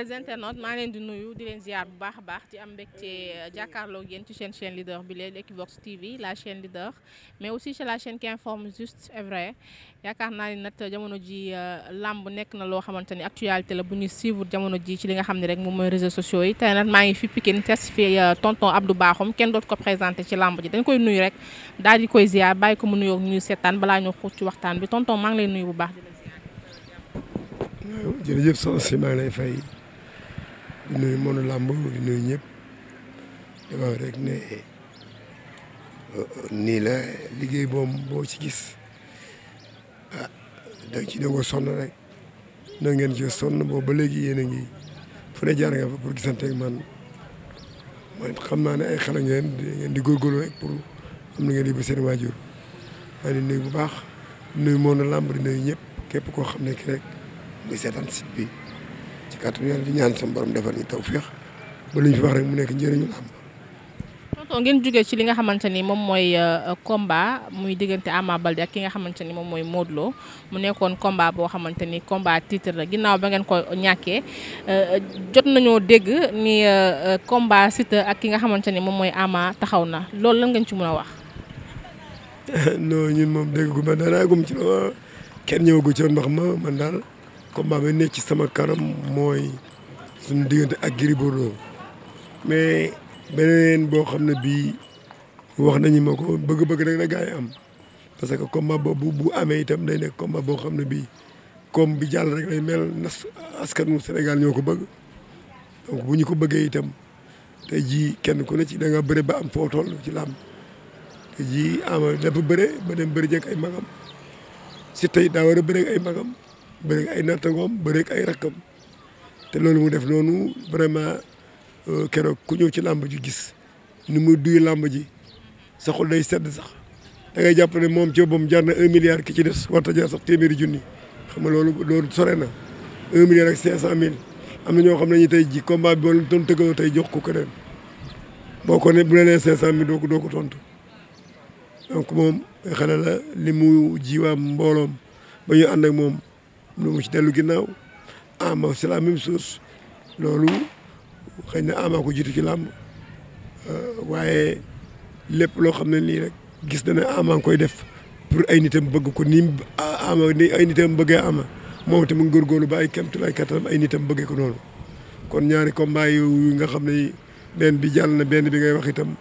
les internautes maa leen di nuyu di leen baax a baax di am mbégte euh, jàkkaarloo yéen ci seen chaîne leader bi leen Equivox TV la chaîne mais aussi la chaîne qui informe juste et vrai yaakaar naa ni nag jamono ji euh, làmb nekk na loo xamante ni actualité la bu ñu jamono ji ci li nga xam ne rek moom mooy réseaux sociaux yi tey maa ngi fi Pikine test fi euh, tonton Abdou Bakhoum kenn dootu ko présenté ci lamb ji dañ koy nuyu rek daal di koy ziar bàyyi ko mu nuyoo setaan seetaan balaa ñu xuus ci waxtaan bi tonton maa ngi lay nuyu bu baax di di nuyu Mawne làmb di nuyu ñëpp di wax rek ne euh, nii la liggéey boobu boo ci gis ah da ci doog a rek na ngeen ci sonn boobu ba léegi yéen a ngi fu ne jaar nga fa pour man man xam naa ne ay xale ngeen di góorgóorlu rek pour am na ngeen di ba seen waajur maa ngi bu baax nuyu Mawne làmb di nuyu ñëpp képp koo xam ne ki rek muy seetaan bi. ci kàttan yàlla di ñaan sama borom defal ñu tawféex ba luñ fi wax rek mu nekk njëriñu làmb. tonton ngeen jógee ci li nga xamante ni moom mooy euh, combat muy diggante Ama Baldé ak ki nga xamante ni moom mooy Modou mu nekkoon combat boo xamante ni combat titre la ginnaaw ba ngeen ko ñàkkee euh, jot nañoo dégg ni euh, combat Siteu ak ki nga xamante ni moom mooy Ama taxaw na loolu lan ngeen ci mën a wax. non ñun moom dégg gu ma gum ci la kenn ñëwagu ci woon wax ma man daal. combat bi nekk ci sama karam mooy suñu diggante ak Gris Bordeaux mais beneen boo xam ne bii wax nañu ma ko bëgg-bëgg rek na gars am parce que combat boobu bu amee itam day nekk combat boo xam ne bii comme bi jàll rek lay mel nas askanu senegal ñoo ko bëgg donc bu ñu ko bëggee itam tey jii kenn ku ne ci da nga bëre ba am foo ci làmb tey jii ama dafa bëre ba dem bëri jëkk ay magam si tey daa war a bëre ay magam bëreeg ay nattangoom bëreeg ay rakkam te loolu mu def noonu vraiment euh, keroog ku ñëw ci làmb ji gis nu muy duy làmb ji sa day sedd sax da jàpp ne moom ci boppam jar na un milliard ki ci des warta jar sax téeméeri junni xam nga loolu loolu sore na un milliard ak cinq am na ñoo xam na ñu tey ji combat bi wala doon tëggaloo tey jox ko keneen boo ko ne bu la nee cinq cent doo ko doo ko tontu donc moom xale la li mu jiwaam mbooloom ba ñu ànd ak moom lu mu ci dellu ginnaaw ama c'est la même chose loolu xëy na ama ko jiitu ci làmb euh, waaye lépp loo xam ne nii rek gis na ne ama ngi koy def pour ay nitam bëgg ko nii ama ni ay nitam bëggee ama moom itam góorgóorlu ba ay kemtulaay kattanam ay nitam bëggee ko noonu kon ñaari combat yu nga xam ne benn bi jàll na benn bi ngay wax itam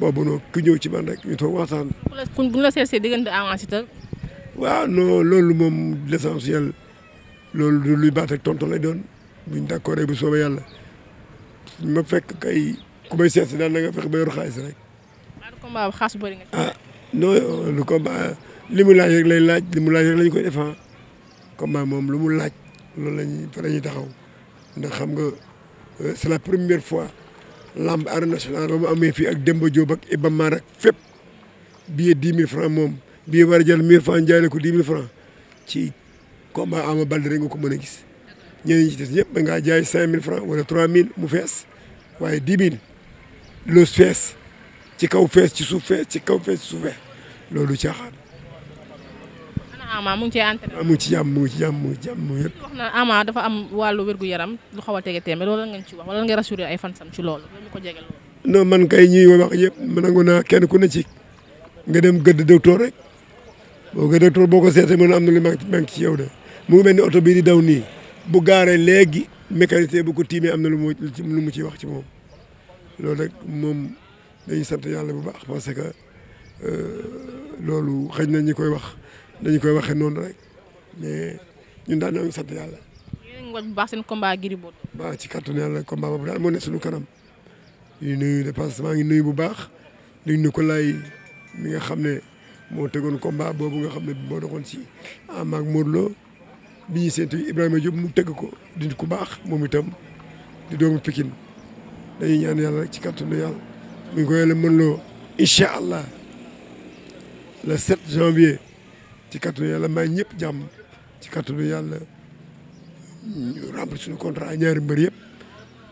boobu noonu ku ñëw ci ban rek ñu toog waxtaan. bu la bu ñu la seet see diggante waaw non loolu moom l'essentiel loolu du luy baat ak tontu lay doon buñ d'accord bu soobee yàlla ma fekk kay ku may si daal na nga fekk ba yor xaalis rek. combat bi xaas bëri nga. Ah, lu combat li mu laaj rek lay laaj li mu laaj rek lañ koy def ah moom lu mu laaj loolu la ñuy ñuy taxaw ndax xam nga euh, c'est la première fois lamb arène nationale ba mu amee fii ak Demba Diop ak Iba Mar ak fépp billet dix mille francs moom billet war a jël mille francs jaay la ko dix mille francs ci. combat Ama Baldé nga ko mën a gis ñeneen ñi ci des ñëpp da ngaa jaay cinq mille francs wala trois mille mu waaye dix mille loos ci kaw fees ci suuf fees ci kaw fees ci suuf fees loolu caaxaan. Ama mu ngi cee am mu ngi ci jàmm mu ngi mu ngi ci jàmm mu am wàllu wérgu yaram lu xaw a tege téeméer loolu la ngeen ci wax wala nga rassuré ay fansam ci loolu ko jege loolu. non man kay ñuy wax yëpp nangu naa kenn ku ne ci nga dem gëdd docteur rek boo gëdd docteur boo ko seetee mën am na lu manqué ci yow de. mu ngi mel ni oto bii di daw nii bu gaaree léegi mécanicien bu ko tiimee am na lu mu lu mu ciy wax ci moom loolu rek moom dañuy sant yàlla bu baax parce que euh, loolu xëy na ñi koy wax dañu koy waxee noonu rek mais ñun daal ñoo ngi sant yàlla. yéen baax ngi bu baax seen combat Gris Bordeaux. ci kàttanu yàlla combat boobu daal moo ne suñu kanam ñu nuyu de dépassement ngi nuyu bu baax di nuyu ko lay mi nga xam ne moo tegoon combat boobu nga xam ne moo doxoon ci am ak Modou Lo bi ñuy séntu Ibrahima Diop mu tëgg ko di ku baax moom itam di doomu Pikine dañuy ñaan yàlla ci kàttanu yàlla mu ngi ko yàlla mën loo incha allah le 7 janvier ci kàttanu yàlla may ñëpp jàmm ci kàttanu yàlla ñu remplir suñu contrat ñaari mbër yëpp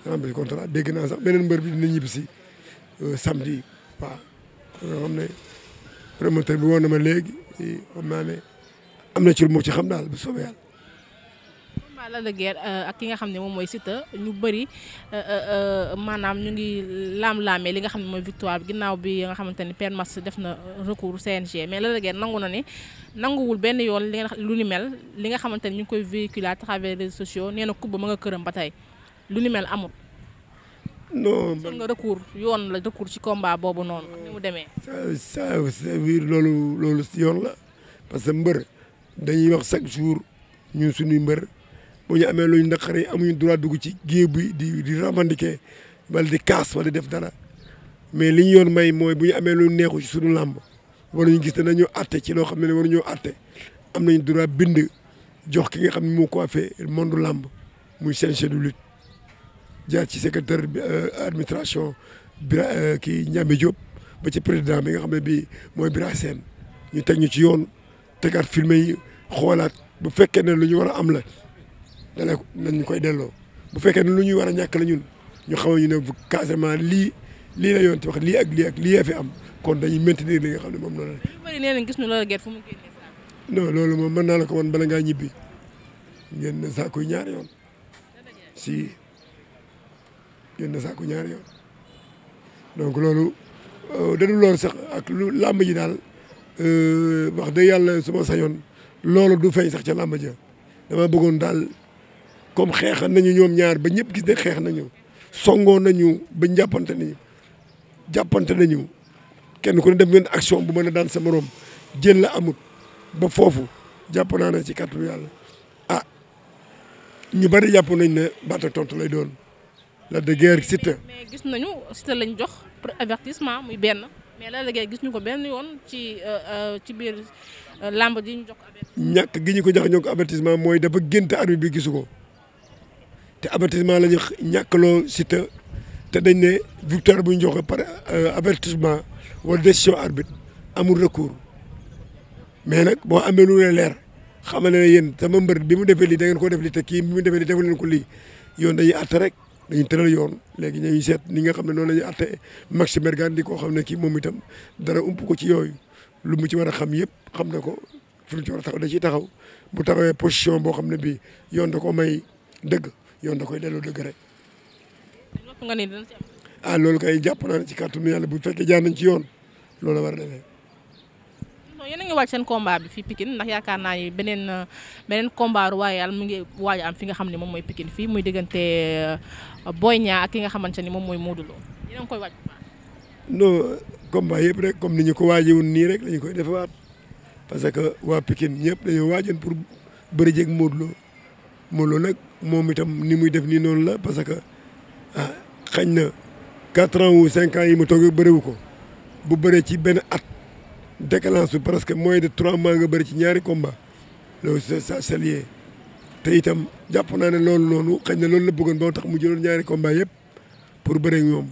remplir contrat dégg naa sax beneen mbër bi dina ñibbi si euh, samedi waaw nga xam ne promoteur bi woon na ma léegi xam naa ne na ci lu mu ci xam daal bu soobee yàlla la Lac euh, ak ki nga xam ne moom mooy Siteu ñu bëri euh, euh, maanaam ñu ngi laam-laamee li nga xam ne mooy victoire bi ginnaaw bi nga xamante ni Père Max def na recours CNG mais Lac de Guiers nangu na ni nanguwul benn yoon li lu ni li nga xamante ni ñu ngi koy véhiculer à travers les réseaux sociaux nee na kubba ma nga këram ba tey lu ni mel amul. nga recours yoon la recours ci combat boobu noonu. ni mu demee. ça ça loolu loolu si yoon la parce que mbër dañuy wax chaque jour ñun suñuy mbër. bu ñu amee luñ naqari amuñu droit dugg ci géew bi di di revendiquer wala di kaas wala di def dara mais li ñu yoon may mooy bu ñu amee lu neexu ci suñu làmb ñu gis ne dañoo àtte ci loo xam ne waruñoo àtte am nañ droit bind jox ki nga xam ne moo ko affee monde làmb muy CNG de lutte jaar ci secrétaire euh, administration bira euh, kii Ndiamé Diop ba ci président bi nga xam ne bii mooy Bira Sène ñu teg ñu ci yoon tegaat filmé yi xoolaat bu fekkee ne lu ñu war a am la. dana nañ koy delloo bu fekkee ne lu ñuy war a ñàkk la ñun ñu xaw ñu ne carrément lii lii la yoon te wax lii ak lii ak lii yaa fi am kon dañuy maintenir li nga xam ne moom noonu la. fu mu non loolu moom mën naa la ko wan bala ngaa ñibbi ngeen ne saako yi ñaari yoon si ngeen ne saako ñaari yoon donc loolu euh, dadul loolu sax ak lu làmb ji daal euh, wax dëgg yàlla su ma sañoon loolu du feeñ sax ca làmb ja dama bëggoon daal. comme xeexan nañu ñoom ñaar ba ñëpp gis ne xeex nañu songoo nañu ba jàppante nañu jàppante nañu kenn ku ne def ngeen action bu mën ne daan sa moroom jël la amut ba foofu jàpp naa ne ci kàttanu yàlla ah ñu bari jàpp nañ ne baat tontu lay doon la de guerre Siteu. gis nañu Siteu lañ jox pour avertissement muy benn mais la de guerre gis ñu ko benn yoon ci euh, euh, ci biir euh, làmb ji ñu jox ko. ñàkk gi ñu ko jox ñoo ko avertissement mooy dafa gént arbitre bi gisu ko. te avertissement lañu ñu ñàkkaloo Siteu te dañ ne victoire bu ñu joxe par euh, avertissement wala décision arbitre amul recours mais nag boo amee lu leen leer xamal ne yéen tama mbër bi mu defee lii da ngeen ko def te kii bi mu defee lii defu leen ko lii yoon dañuy àtte rek dañuy tëral yoon léegi ñuy seet ni nga xam ne noonu la ñuy àtte Maxi Mergan di koo xam ne kii moom itam dara ump ko ci yooyu lu mu ci war a xam yëpp xam na ko fu ci war a taxaw da ciy taxaw bu taxawee position boo xam ne bii yoon da ko may dëgg. yoon da koy delloo dëgg rek. ah loolu kay jàpp naa ne ci kàttanu yàlla bu fekkee jaar nañ ci yoon loolu war a defee. yéen a ngi waaj seen combat bi fii pikin ndax yaakaar naa ni beneen beneen combat royal mu ngi waaj am fi nga xam ne moom mooy Pikine fii muy diggante euh, Boy Niang ak ki nga xamante ni moom mooy Modou Lo yéen a koy waaj. non combat yëpp rek comme ni ñu ko waajee woon nii rek la ñu koy defewaat parce que waa Pikine ñëpp dañoo waajoon pour bëri jeeg Modou Lo Modou nag. moom itam ni muy def nii noonu la parce que ah xañ na quatre ans ou cinq ans yi mu toog bëriwu ko bu bëree ci benn at décalance bi que mooy de trois mois nga bëri ci ñaari combat loolu ça c'est te itam jàpp naa ne loolu noonu xañ na loolu la bëggoon boo tax mu jëloon ñaari combat yëpp pour bëri ñoom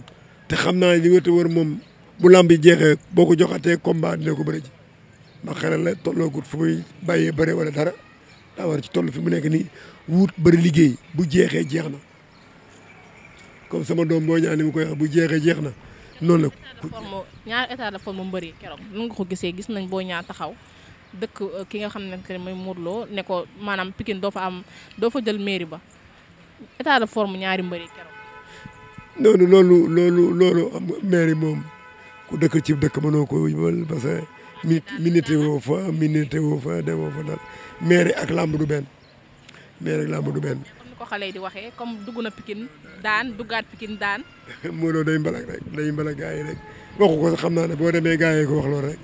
te xam naa li nga wër moom bu lamb yi jeexee boo ko joxatee combat dina ko bëri ci ba xelal la tolloogul fu muy bàyyee bëri wala dara. daa ci toll fi mu nekk nii wut bari liggéey bu jeexee jeex na comme sama doom boo ñaan ni koy bu jeexee jeex na noonu la. ñaari état de forme mbëri keroog nu nga ko gisee gis nañ boo ñaar dëkk euh, ki nga xam ne mooy Modou Lo ne ko maanaam Pikine doo am doo jël mairie ba état de ñaari mbëri keroog. noonu loolu loolu loolu am moom ku dëkk ci dëkk mënoo ko yëbal parce que minute minute woo fa minute woo fa demoo fa dal mairie ak làmb du benn mairie ak làmb du benn. comme ni ko xale yi di waxee comme dugg na Pikine daan duggaat Pikine daan. Modou day mbalak rek day mbalak gars yi rek waxu ko sax xam naa ne boo demee gars yi ko wax loolu rek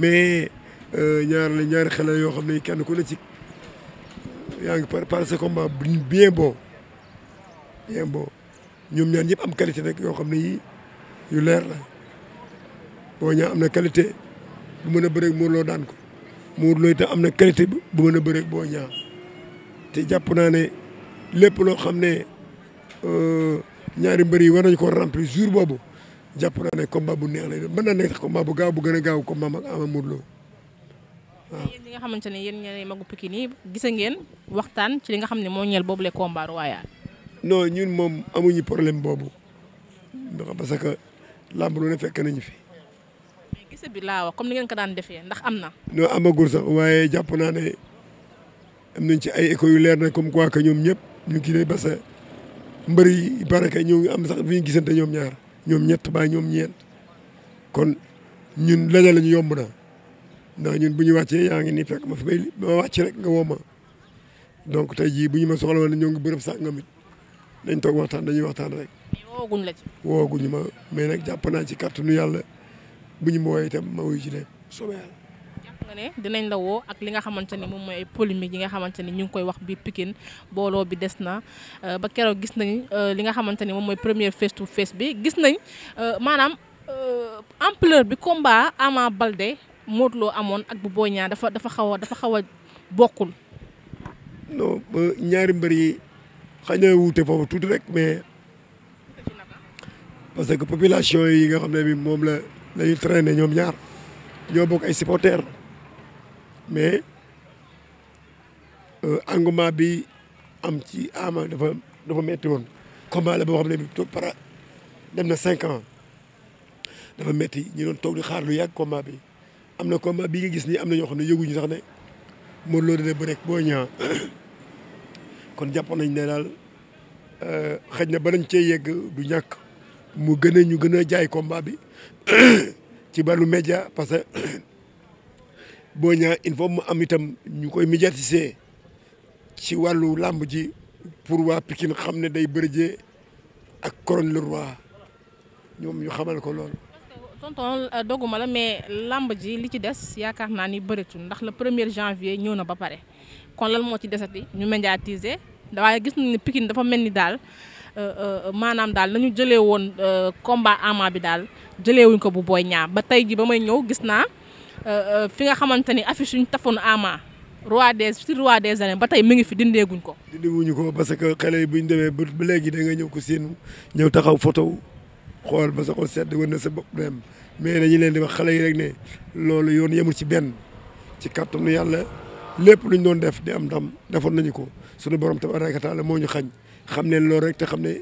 mais euh, ñaar la ñaari xale yoo xam ne kenn ku ne ci yaa ngi préparé ce combat bien bon bien bon ñoom ñaar ñëpp am qualité rek yoo xam ne yii yu leer la boo ñaa am na qualité bu mën a bëre Modou Lo daan ko. Modou Lo itam am na qualité bu mën a bëreeg boo Niang te jàpp naa ne lépp loo xam ne euh, ñaari mbër yi war nañ ko remplir jour boobu jàpp naa ne combat bu neex lay doon mën naa nekk sax combat bu gaaw bu gën a gaaw combat mag ama Modou Lo nga xamante ne yéen ñeneen magu Pikine nii gis ngeen waxtaan ci li nga xam ne moo ñeel boobu le combat royal. non ñun moom amuñu problème boobu ndax parce que làmb lu ne fekk nañu fi. liste laa wax comme ni ngeen ko daan defe ndax am na. non amagul sax waaye jàpp naa ne am nañ ci ay échos yu leer na comme quoi que ñoom ñëpp ñu ngi lay basa mbër yi ba ñoo ngi am sax fi ñu gisante ñoom ñaar ñoom ñett baa ñoom ñeent kon ñun laja lañu yomb na ndax ñun bu ñu wàccee yaa ngi nii fekk ma fi ma wàcc rek nga woo ma donc tey jii bu ñu ma soxla woon ñu ngi bërëb sàngam it dañ toog waxtaan dañuy waxtaan rek. wooguñ la ci. wooguñu ma mais nag jàpp naa ci kàttanu yàlla. bu ñu ma woowee itam ma wuyu ji leen soobee yàlla. ne dinañ la woo ak li nga xamante ni moom mooy polémique yi nga xamante ni ñu ngi koy wax biir Pikine booloo bi des na euh, ba keroog gis nañ euh, li nga xamante ni moom mooy première face to face bi gis nañ euh, maanaam ampleur bi combat Ama balde mootloo amoon ak bu Boy dafa dafa xaw a dafa xaw a bokkul. ñaari mbër yi xañ na wuute foofu tuuti rek mais parce que population yi nga xam ne bi moom la. dañuy traîner ñoom ñaar ñoo bokk ay supporters mais euh, engouement bi am ci Ama dafa dafa metti woon. combat la boo xam ne bi tout para dem na cinq ans dafa metti ñi doon toog di xaar lu yàgg combat bi am na combat bii nga gis nii am na ñoo xam ne yëguñu sax ne Modou Lo dina bëre ak Boy Niang kon jàpp nañ ne daal euh, xëj na ba nañ cee yegg du ñàkk mu gën a ñu gën a jaay combat bi. ci wàllu média parce que boo ñaa il faut mu am itam ñu koy médiatiser ci wàllu làmb ji pour waa Pikine xam ne day Balla Dieng ak coron le Roi ñoom ñu xamal ko loolu. tonton euh, doguma la mais làmb ji li ci des yaakaar naa ni bëreetul ndax le premier janvier ñëw na ba pare kon lan moo ci desati ñu médiatiser waaye gis nañu ne Pikine dafa mel ni daal. Euh, euh, maanaam daal nañu jëlee woon euh, combat ama bi daal jëlee wuñ ko bu booy ñaar ba tey ji ba may ñëw gis naa fi nga xamante ni suñ yuñ tafoon ama roi des si roi des arènes ba tey mi ngi fi dindeeguñ ko. dindeewuñu ko parce que xale yi bu ñu demee ba léegi da nga ñëw ko seen ñëw taxaw photo xool ba sa xol sedd war na sa bopp dem mais dañu leen di wax xale yi rek ne loolu yoon yemul ci benn ci kàttanu yàlla lépp luñ doon def di am ndam defoon nañu ko sunu borom tabaaraka taala moo ñu xañ. xam ne loolu rek te xam ne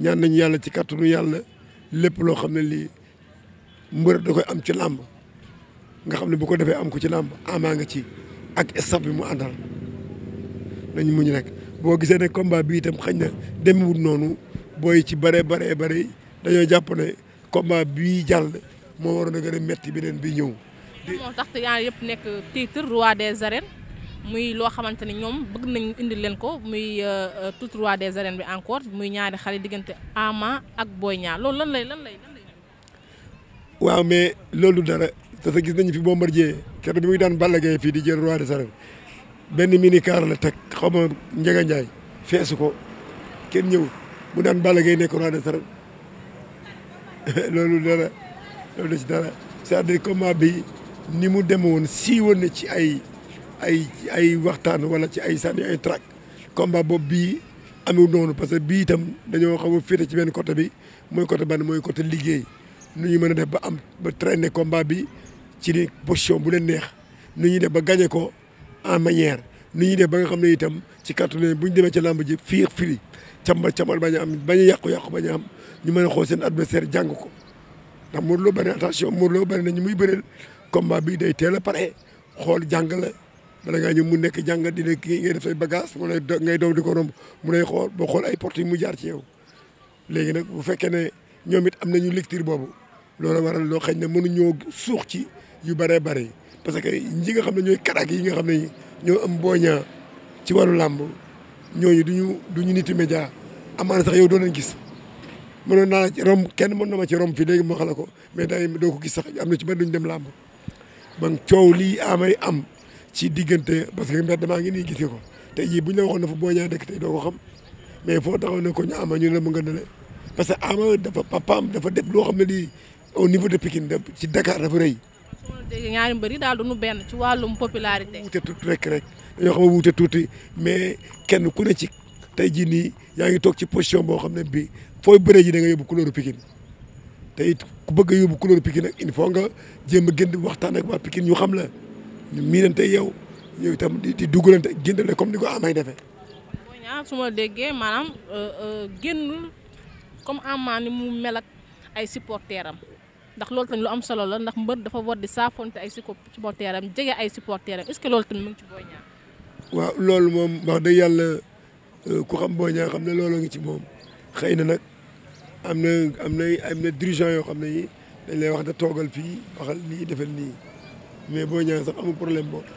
ñaan nañu yàlla ci kàttanu yàlla lépp loo xam ne lii mbër da koy am ci làmb nga xam ne bu ko defee am ko ci làmb amaa nga ci ak staff bi mu àndal nañ muñ rek boo gisee ne combat bi itam xañ na demewul noonu booy ci bare bare bare dañoo jàpp ne combat bii jàll moo waroon a gën a metti beneen bi ñëw. moo tax yaa yëpp nekk titre roi des arènes. muy loo xamante ne ñoom bëgg nañ indi leen ko muy euh, euh, tout roi des arènes bi encore muy ñaari xale diggante Ama ak Boy Niang loolu lan lay lan lay waaw mais loolu dara dafa gis nañu fi Bombardier keroog bi muy daan Balla Gaye fii di jël roi des arènes benn mini car la teg xaw ma Ndiaye feesu ko kenn ñëw mu daan Balla Gaye nekk roi des arènes loolu dara loolu da ci dara cest à bi ni mu woon siiwoon na ci ay. ay ay waxtaan wala ci ay sànni ay trac combat boobu bii am amul noonu parce que bii itam dañoo xaw a féete ci benn côté bi mooy côté ban mooy côté liggéey nu ñu mën a def ba am ba traîner combat bi ci ni position bu leen neex nu ñuy def ba gagné ko en manière nu ñu def ba nga xam ne itam ci kàttu ne bu ñu demee ci làmb ji fiix firi càmbar càmbar bañ am bañ yàqu-yàqu bañ am ñu mën a xool seen adversaire jàng ko ndax Modou Lo bari attention Modou Lo bari na ñu muy bëreel combat bi day teel a pare xool jàng bala ngaa ñëw mu nekk jàngat di ne kii ngay def say bagage mu ngay doom di ko romb mu ay xool boo xool ay portes yi mu jaar ci yow léegi nag bu fekkee ne ñoom it am na ñu lecture boobu loolu waral loo xëy ne mënuñoo suux ci yu bëree bëri parce que ñi nga xam ne ñooy karaak yi nga xam ne ñoo am booñaa ci wàllu làmb ñooñu duñu duñu niti média amaana sax yow doo leen gis mënoon naa ci romb kenn mën na ma ci romb fii léegi ma xala ko mais day doo ko gis sax am na ci ba duñ dem làmb man coow lii amay am ci diggante parce que mbedd maa ngi nii gis nga ko tey jii bu ñu la waxoon ne fu boo ñaa dëkk tey doo ko xam mais foo taxaw ne ko ñu ama ñu ne la mu nga ne parce que ama dafa papaam dafa def loo xam ne lii au niveau de Pikine da ci Dakar dafa rëy. dégg ñaari mbër yi daal duñu benn ci wàllum popularité. wuute tuuti rek rek dañoo xam ne wuute tuuti mais kenn ku ne ci tey jii nii yaa ngi toog ci position boo xam ne bii fooy bëree ji da nga yóbbu couleur Pikine te it ku bëgg a yóbbu couleur Pikine nag faut nga jéem a gën di waxtaan ak waa Pikine ñu xam la. ñu miinante yow yow itam di di dugalante génnante comme ni ko amay defee. su ma déggee maanaam euh, euh, génnul comme amaa ni mu mel ak ay supporteram ndax loolu tamit lu am solo la ndax mbër dafa war di saafonte ay supporteram jege ay supporteram est-ce que loolu tamit mu ngi ci waaw loolu moom wax dëgg yàlla euh, ku xam Boy Niang xam ne looloo ngi ci moom xëy na nag am na am na am na dirigeant yoo xam ne yi dañ lay wax da toogal fii waxal nii defal nii. mais Boy Niang sax amul problème boobu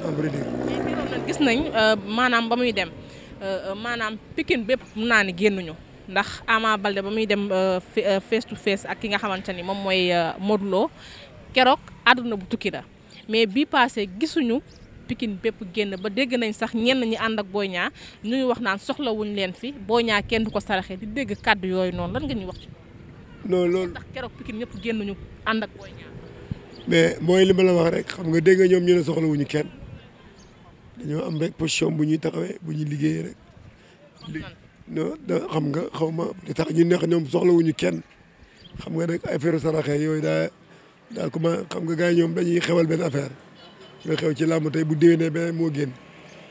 en gis nañ euh, maanaam ba muy dem euh, euh, maanaam Pikine bépp mun naa ni génnuñu ndax Ama Balde ba muy dem face to face ak ki nga xamante ni moom mooy Modou keroog àdduna bu tukki la mais bi passé gisuñu. Pikine bépp génn ba dégg nañ sax ñenn ñi ànd ak Boy Niang ñuy wax naan soxlawuñ leen fi Boy Niang kenn du ko saraxee di dégg kàddu yooyu noonu lan nga ñuy wax ci. non loolu ndax keroog Pikine ñëpp génnuñu ñu ànd ak Boy Niang. mais mooy li ma la wax rek xam nga dégg nga ñoom ñu ne soxlawuñu kenn dañoo am rek position bu ñuy taxawee bu ñuy liggéeyee rek li xam nga xaw ma li tax ñu neex ñoom ñu kenn xam nga nag affaire saraxe yooyu daa daa comment xam nga gars yi ñoom dañuy xewal benn affaire lu xew ci làmb tey bu déwénee beneen moo génn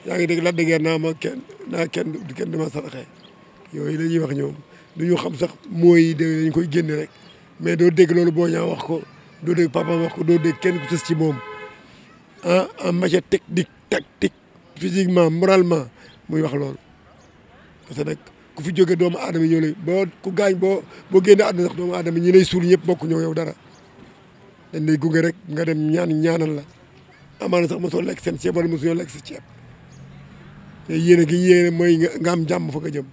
yaa ngi dégg la dëggee naa ma kenn naa kenn du kenn dama saraxe yooyu la ñuy wax ñoom du ñu xam sax mooy yi dañ koy génn rek mais doo dégg loolu boo ñaa wax ko doo dégg papa wax ko doo dégg kenn ku sës ci moom ah en matière technique tactique physiquement moralement muy wax lool parce que nag ku fi jóge doomu aadama ñoo boo ku gaañ boo boo génne àdduna sax doomu aadama ñi lay suul ñëpp bokk ñoo yow dara dañ lay gunge rek nga dem ñaan ñaanal la amaana sax mosoo lekk seen ceeb wala mosuñoo lekk si ceeb te yéene gi yéene mooy nga am jàmm fa nga jëm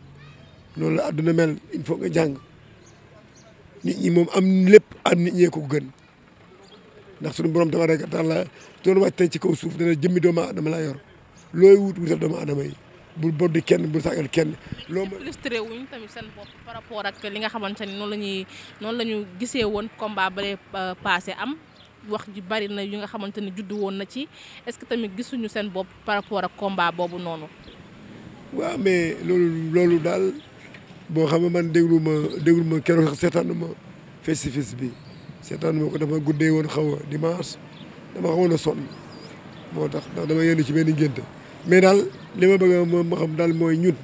loolu la àdduna mel il faut nga jàng nit ñi moom am lépp am nit ñee ko gën ndax suñu borom tabaaraka taala doon wàcc tey ci kaw suuf dana jëmmi doomu aadama laa yor looy wut wutal doomu aadama yi bul boddi kenn bul sàggal kenn. loo ma illustré tamit seen bopp par rapport ak li nga xamante ni noonu la ñuy noonu la ñu gisee woon combat ba passé am wax ji bari na yu nga xamante ni juddu woon na ci est-ce que tamit gisuñu seen bopp par rapport ak combat boobu noonu. waaw mais loolu loolu daal boo xam ne man déglu ma déglu ma keroog sax ma face bi. seetaan moo ko dafa guddee woon xaw a dimanche dama xawoon a sonn moo tax ndax dama yenn ci benn ngénte mais daal li ma bëgg ma xam dal mooy ñun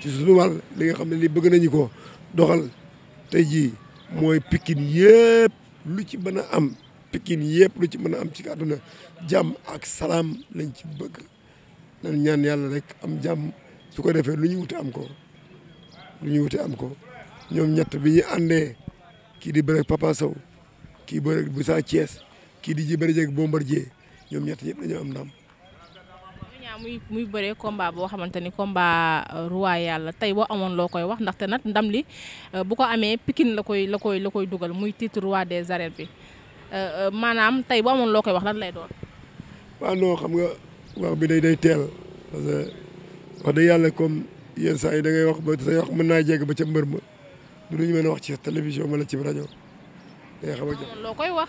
ci suñu wàll li nga xam ne li bëgg nañu ko doxal tey jii mooy pikin yëpp lu ci mën a am pikin yëpp lu ci mën a am ci àdduna jàmm ak salaam lañ ci bëgg nañ ñaan yàlla rek am jàmm su ko defee lu ñu wuti am ko lu ñu wute am ko ñoom ñett bi ñu àndee kii di bëre Papa Sow kii bëre bu Sa Thiès kii di ji bëri jeeg Bombardier ñoom ñett ñëpp dañoo am ndam. muy muy bëree combat boo xamante ni combat euh, royal la tey boo amoon loo koy wax ndaxte nag ndam li euh, bu ko amee Pikine la koy la koy la koy dugal muy titre roi des arènes bi euh, maanaam tey boo amoon loo koy wax lan lay doon. waaw non xam nga wax bi day day teel parce que wax dëgg yàlla comme yenn saa yi da ngay wax ba say mën naa jégg ba ca mbër ma du ñu mën a wax ci télévision wala ci rajo. loo koy wax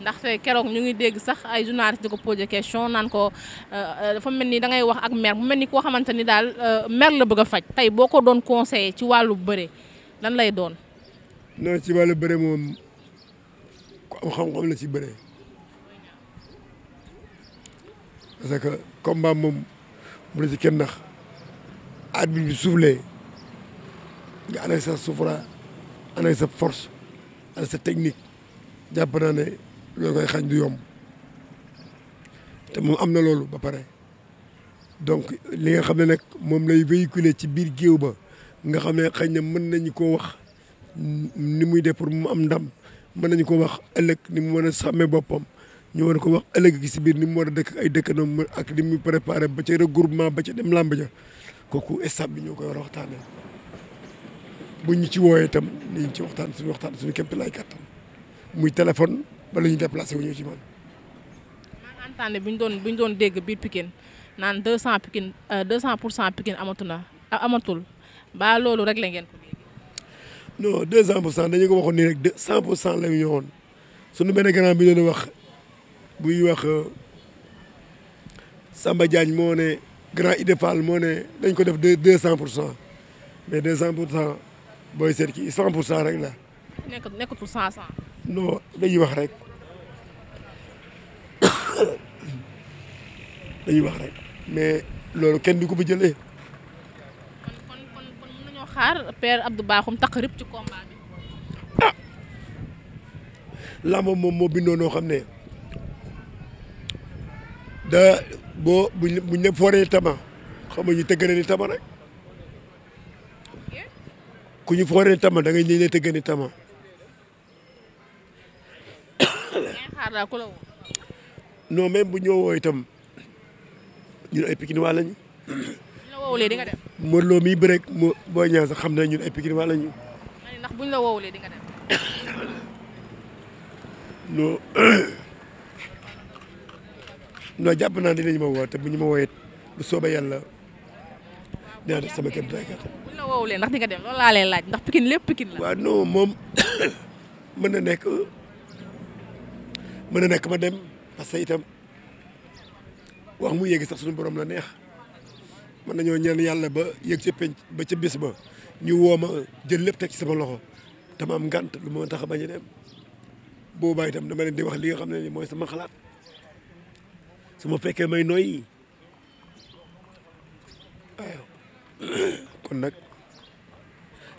ndaxte keroog ñu ngi dégg sax ay journaliste di ko posé question naan ko euh, dafa mel ni da ngay wax ak mer mu mel ni koo xamante ni daal euh, mer la bëgg a faj tey boo ko doon conseillé ci wàllu bëre lan lay doon. non ci wàllu bëre moom ku am xam-xam la ci bëre parce que combat moom bu la ci kenn nax arbitre bi soufflé nga ànd ak sa souffra ànd ak force sa technique. jàpp naa ne loolu koy xañ du yomb te moom am na loolu ba pare donc li nga xam ne nag moom lay véhiculer ci biir géew ba nga xam ne xëy na mën nañu koo wax ni muy dee pour mu am ndam mën nañu ko wax ëllëg ni mu mën a sàmmee boppam ñu war ko wax ëllëg gi si biir ni mu war a dëkk ay dëkkandoo ak ni muy préparé ba ca regroupement ba ca dem làmb ja kooku stade bi ñoo koy war a waxtaanee bu ñu ci wooyee tam ni ñu ci waxtaan suñu waxtaan suñu képp laay kàttan muy téléphone ba la ñuy déplacé wu ñëw ci man. maa ngi bu ñu doon bu ñu doon dégg biir Pikine naan deux cent Pikine euh, deux cent pour cent Pikine amatu na amatul baa loolu rek la ngeen ko dégg. non deux cent pour cent dañu ko waxoon nii rek deux cent la ñu ñëwoon sunu benn grand bi leen wax buy wax euh, Samba Diagne moo ne grand idéal moo ne dañ ko def deux deux cent pour cent mais deux cent pour cent booy seet kii cent pour cent rek la. nekkatul nekkatul cent cent. non dañuy wax rek dañuy wax rek mais loolu kenn du ko fa jëlee. kon kon kon mën nañoo xaar père Abdou Bakhoum taqrib ci combat bi. ah làmb moom moo bindoo noo xam ne da boo buñ buñ ne fooree tama xam nga ñu tëgg ni tama rek ku ñu fooree tama da ngay ñëw ne tëgg ni tama. Jakarta ku bu ñëwoo itam ñun ay Pikine waa lañu. buñ la woowulee di nga dem. Modou Lo sax xam na ñun ay Pikine waa lañu. ndax buñ la woowulee di jàpp naa dinañ ma woo te bu ñu ma wooyee bu soobee yàlla dinaa def sama kéem tolluwaay gàttal. ndax di nga dem loolu laa lay laaj ndax Pikine lépp Pikine la. waaw moom mën na nekk. mën na nekk ma dem parce que itam wax mu yéegi sax suñu boroom la neex mën nañoo ñaan yàlla ba yéeg ci penc ba ca bis ba ñu woo ma jël lépp teg ci sama loxo dama am ngànt lu ma tax a bañ a dem boobaa itam dama leen di wax li nga xam ne ni mooy sama xalaat su ma fekkee may noyyi waaw kon nag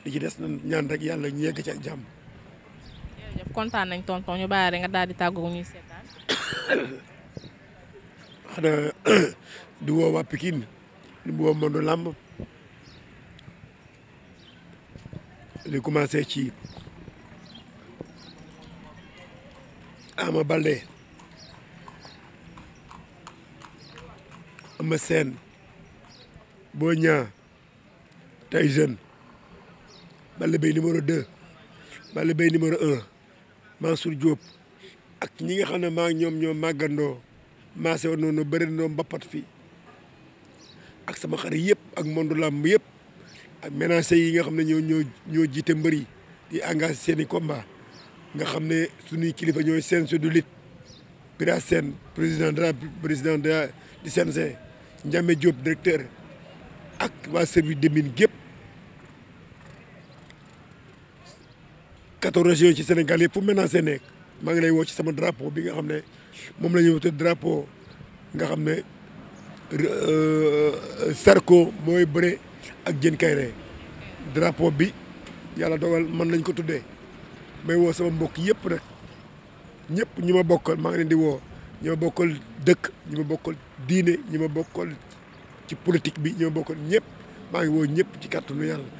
li ci des na ñaan rek yàlla ñu yegg ci ak jàmm jërëjëf kontaan nañ tonton ñu bàyyi nga daal di tàggoo ñuy seetaan. xanaa di woo waa Pikine di woo Mondo Lamb di commencé ci Ama Baldé Ama Sène Boy Niang Tyson Balla Gaye numéro 2 Balla Gaye numéro 1 Mansour Diop ak ñi nga xam ne maa ñoom ñoo màggandoo maase woon noonu bëri noonu mbappat fi ak sama xarit yëpp ak monde làmb yëpp ak ménages yi nga xam ne ñoo ñoo ñoo jiite mbër yi di engagé seen i combat nga xam ne suñuy kilifa ñooy seen su du lit Bira président de la président de la du CNG Ndiame Diop directeur ak waa service des gépp 14 ci Sénégal yëpp fu maintenant see nekk maa ngi lay woo ci sama drapeau bi nga xam ne moom la ñuy wute drapeau nga xam ne euh, Sarko mooy bëre ak Diène Kaïré drapo bi yàlla dogal man lañ ko tuddee may woo sama mbokk yëpp rek ñëpp ñu ma bokkal maa ngi leen di woo ñi ma bokkal dëkk ñu ma bokkal diine ñu ma bokkal ci politique bi ñi ma bokkal ñëpp maa ngi woo ñëpp ci kàttanu yàlla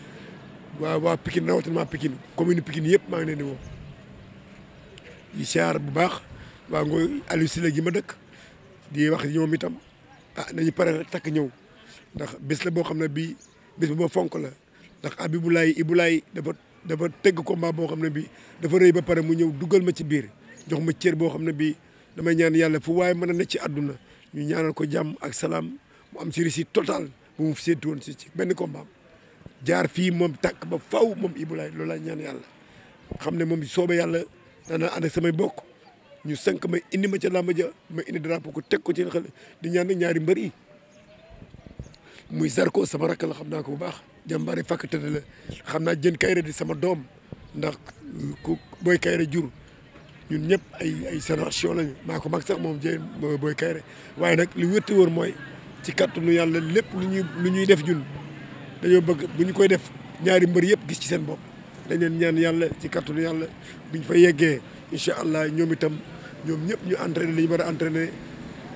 waa waa Pikine rawatina Pikine commune Pikine yëpp maa ngi leen di woo di siyaar bu baax waa Ngoy Aliou Sylla gi ma dëkk di wax ñoom itam ah nañu pare takk ñëw ndax bis la boo xam ne bii bis bu ma fonk la ndax Abibulaay Ibulaay dafa dafa tëgg combat boo xam ne bii dafa rëy ba pare mu ñëw dugal ma ci biir jox ma cër boo xam ne bii damay ñaan yàlla fu waaye mën a nekk ci àdduna ñu ñaanal ko jàmm ak salaam mu am si réussite totale bu mu séentu woon si ci benn combat jaar fii moom tàkk ba faw moom ibulaay Laye loolu laa ñaan yàlla xam ne moom soobe yàlla dana ànd ak samay bokk ñu sënk ma indi ma ca làmb ja ma indi drapeau ko teg ko ci xel di ñaan ñaari mbër yi muy Zarko sama rakk la xam naa ko bu baax jàmbaare fàkk tëdd la xam naa jën kayre di sama doom ndax ku booy kayre jur ñun ñëpp ay ay génération lañu maa ko mag sax moom jën booy kayre waaye nag lu wétti wóor mooy ci kàttanu yàlla lépp lu ñuy lu ñuy def ñun dañoo bëgg bu ñu koy def ñaari mbër yëpp gis ci seen bopp dañ ñaan yàlla ci kàttanu yàlla bu ñu fa yeggee allah ñoom itam ñoom ñëpp ñu entraîné li ñu war a entraîné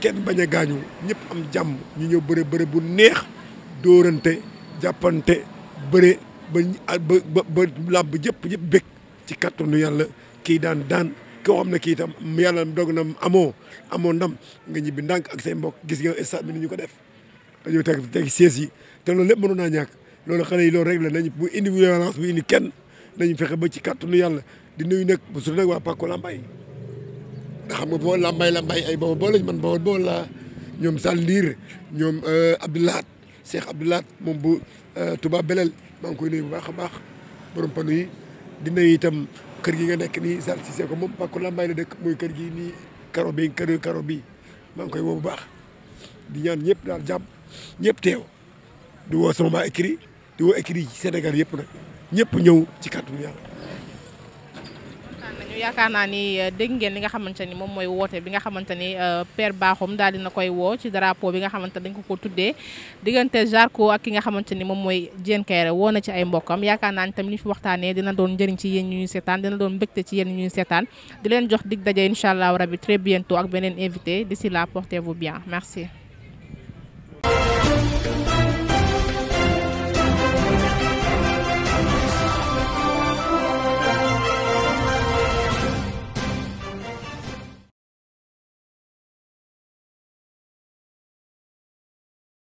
kenn bañ a gaañu ñëpp am jàmm ñu ñëw bëre bëre bu neex dóorante jàppante bëre ba ba ba làmb jëpp ñëpp bég ci kàttanu yàlla kii daan daan koo xam ne kii itam yàlla doog na amoo amoo ndam nga ñibbi ndànk ak say mbokk gis nga stade bi ni ñu ko def dañoo teg teg siège yi te loolu lépp mënu naa ñàkk loolu xale yi loolu rek la nañ bu indi violence bu indi kenn nañu fexe ba ci kàttanu yàlla di nuyu nag bu su nag waa Pàkku Lambaay ndax xam nga boo Lambaay Lambaay ay boobu boo lañ man boobu boo la ñoom Sall Ndiir ñoom euh, Abdoulaat Cheikh Abdoulaat moom bu euh, Touba Belel maa ngi koy nuyu bu baax a baax borom di nuyu itam kër gi nga nekk nii Sall Cissé ko moom Pàkku Lambaay la dëkk kër gi nii karo bi kër karo bi maa ngi koy woo bu baax di ñaan ñëpp daal jàmm ñëpp teew di woo sama maa écrit di woo écrit ci Sénégal yëpp nag ñëpp ñëw ci kàttanu ñu yaakaar naa ni euh, dégg ngeen li nga xamante ni moom mooy woote bi nga xamante ni euh, Père Bakhoum daal dina koy woo ci drapeau bi nga xamante dañ ko ko tuddee diggante Zarko ak ki nga xamante ni moom mooy Diène Kairé woo na ci ay mbokkam yaakaar naa ni tamit ñu fi waxtaanee dina doon njëriñ ci yéen ñuy seetaan dina doon mbégte ci yéen ñuy seetaan di leen jox dig daje incha allah rabi très bientôt ak beneen invité d'ici là portez-vous bien merci